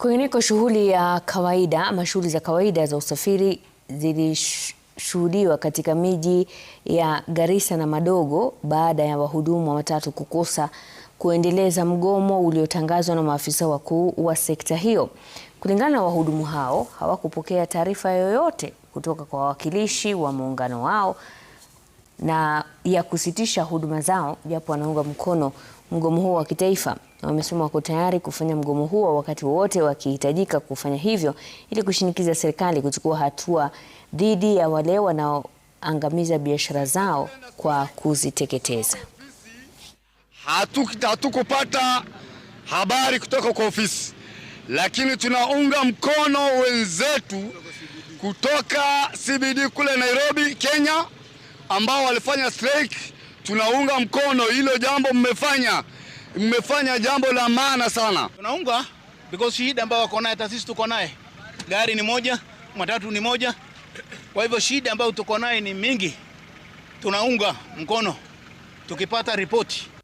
Kwingineko, shughuli ya kawaida ama shughuli za kawaida za usafiri zilishuhudiwa katika miji ya Garissa na Madogo baada ya wahudumu wa matatu kukosa kuendeleza mgomo uliotangazwa na maafisa wakuu wa sekta hiyo. Kulingana na wahudumu hao, hawakupokea taarifa yoyote kutoka kwa wawakilishi wa muungano wao na ya kusitisha huduma zao japo wanaunga mkono mgomo huo wa kitaifa. Wamesema wako tayari kufanya mgomo huo wakati wowote wakihitajika kufanya hivyo ili kushinikiza serikali kuchukua hatua dhidi ya wale wanaoangamiza biashara zao kwa kuziteketeza. Hatukupata habari kutoka kwa ofisi, lakini tunaunga mkono wenzetu kutoka CBD kule Nairobi, Kenya ambao walifanya strike, tunaunga mkono hilo jambo. Mmefanya mmefanya jambo la maana sana, tunaunga because shida ambayo wako naye, sisi tuko naye, gari ni moja, matatu ni moja. Kwa hivyo shida ambayo tuko naye ni mingi, tunaunga mkono tukipata ripoti